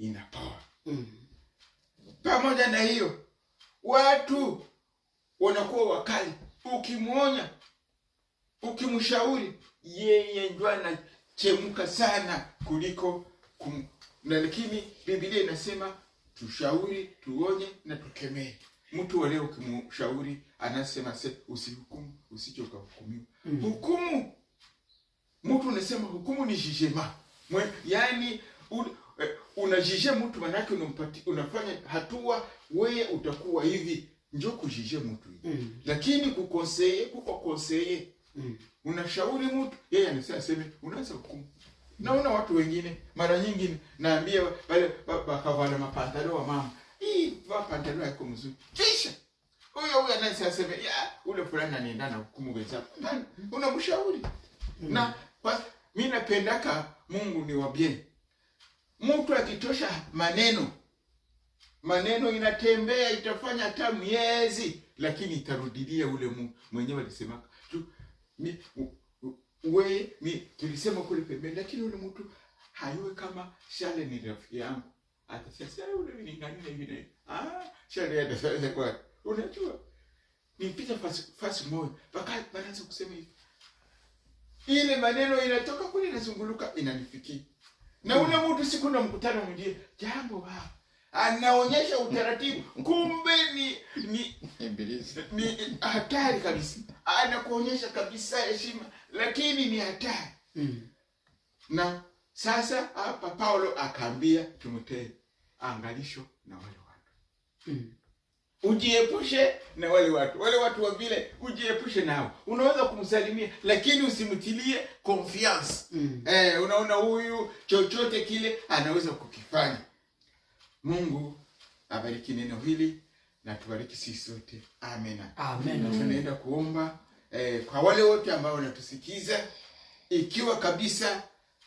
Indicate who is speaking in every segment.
Speaker 1: inapoa. Mm. Pamoja na hiyo, watu wanakuwa wakali, ukimwonya, ukimshauri, yeye ndio anachemka sana kuliko kum... na lakini Biblia inasema tushauri, tuonye na tukemee. Mtu waleo ukimshauri, anasema se usihukumu, usije ukahukumiwa. Mm. Hukumu mtu unasema hukumu ni jijema, yaani unajije mtu manake unampati, unafanya hatua weye utakuwa hivi njo kujije mtu hivi mm. Lakini kukonseye kuko konseye mm. Unashauri mtu yeye anasema aseme, unaweza hukumu. Naona watu wengine mara nyingi naambia wale wakavala mapantalo wa mama hii mapantalo yako mzuri, kisha huyo huyo anaweza aseme ya ule fulani anaenda na hukumu wenzako, unamshauri mm. na mimi napendaka Mungu ni wabie mtu akitosha maneno maneno inatembea itafanya hata miezi, lakini itarudilia ule mwenyewe alisema mi, we mi tulisema kule pembeni, lakini ule mtu hayuwe kama Shale ni rafiki yangu, atasema ule viningani na hivi ah, Shale atasema kwa unajua nipita fasi fasi moja mpaka baraza kusema hivi, ile maneno inatoka kule inazunguluka inanifikia na ule mtu siku na mkutano mwingine jambo baba anaonyesha utaratibu, kumbe ni ni ni hatari kabisa. Anakuonyesha kabisa heshima, lakini ni hatari mm. Na sasa hapa Paulo akaambia Timotheo, angalisho na wale watu mm ujiepushe na wale watu wale watu wa vile, ujiepushe nao. Unaweza kumsalimia lakini usimtilie confiance mm. Eh, unaona huyu chochote kile anaweza kukifanya. Mungu abariki neno hili na tubariki sisi sote amena, Mm. Tunaenda kuomba eh, kwa wale wote ambao wanatusikiza, ikiwa kabisa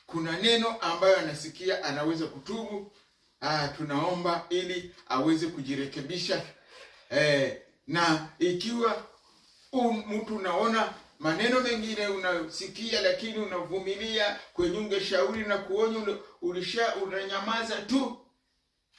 Speaker 1: kuna neno ambayo anasikia anaweza kutubu. Ah, tunaomba ili aweze kujirekebisha eh, na ikiwa mtu unaona maneno mengine unasikia, lakini unavumilia kwenye ungeshauri na kuonya, ulisha unanyamaza tu.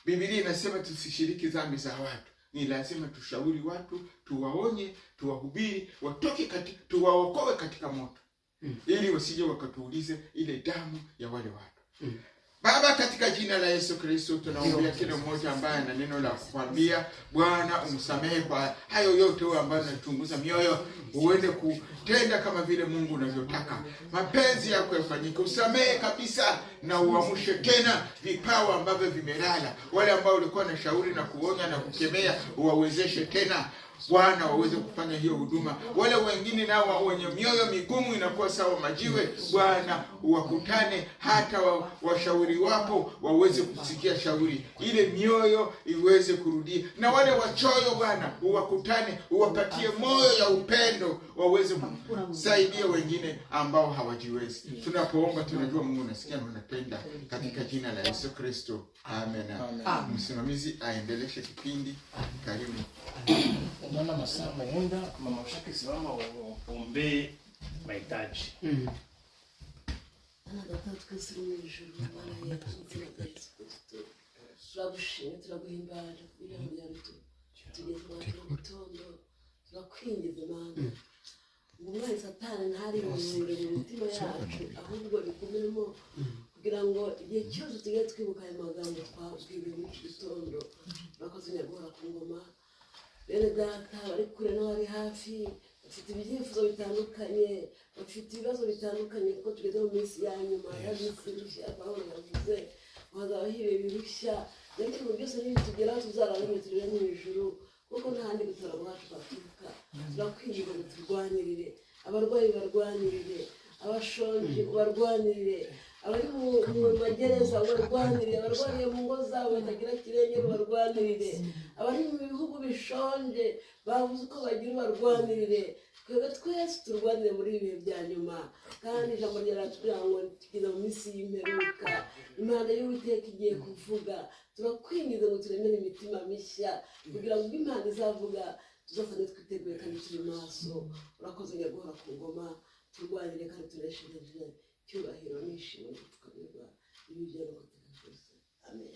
Speaker 1: Biblia inasema tusishiriki dhambi za watu. Ni lazima tushauri watu, tuwaonye, tuwahubiri watoke kati, tuwaokoe katika moto hmm, ili wasije wakatuulize ile damu ya wale watu hmm. Baba, katika jina la Yesu Kristo tunaombea kila mmoja ambaye ana neno la kukwambia. Bwana, umsamehe kwa hayo yote, wewe ambayo unachunguza mioyo, uende kutenda kama vile Mungu unavyotaka, mapenzi yako yafanyike. Usamehe kabisa na uamshe tena vipawa ambavyo vimelala, wale ambao ulikuwa na shauri na kuonya na kukemea, uwawezeshe tena Bwana waweze kufanya hiyo huduma. Wale wengine nao wenye mioyo migumu inakuwa sawa majiwe, Bwana uwakutane, hata washauri wa wako waweze kusikia shauri, ile mioyo iweze kurudia, na wale wachoyo Bwana uwakutane, uwapatie moyo ya upendo, waweze kusaidia wengine ambao hawajiwezi. Tunapoomba tunajua Mungu unasikia na unapenda, katika jina la Yesu Kristo, amen Msimamizi aendeleshe kipindi, karibu
Speaker 2: unaona masaa ameenda,
Speaker 3: mama ushake simama uombee mahitaji
Speaker 4: turagushimye turaguhimbara kugira ngo tugeze muri gitondo turakwingiza imana umwana satani ntari mu mitima yacu ahubwo bikomemo kugira ngo igihe cyose tujye twibuka ayo magambo twabwiwe muri iki gitondo urakoze nyaguhora ku ngoma bene data bari kure n'abari hafi bafite ibyifuzo bitandukanye bafite ibibazo bitandukanye kuko tugeze mu minsi ya nyuma ya minsi y'uruhushya pawuro yavuze bazaba hiwe birushya rero ibintu byose nibitugeraho tuzarangire turebe mu ijuru kuko n'ahandi gutara bwacu baturuka turakwinjiza ngo turwanirire abarwayi barwanirire abashonje barwanirire abari mu magereza ubarwanirire abarwaniye mu ngo zabo batagira kirenge barwanirire abari mu bishonje babuze uko bagira barwanirire twebwe twese turwanire muri ibi bihe bya nyuma kandi ijambo ryaratubwira ngo tugeze mu minsi y'imperuka impande y'uwiteka igiye kuvuga turakwinjiza ngo turemere imitima mishya kugira ngo Imana izavuga tuzafate twiteguye kandi turi maso urakoze nyaguhora ku ngoma turwanire kandi tuneshereje cyubahiro nishimye tukamirwa ibyo byari kugira ngo amen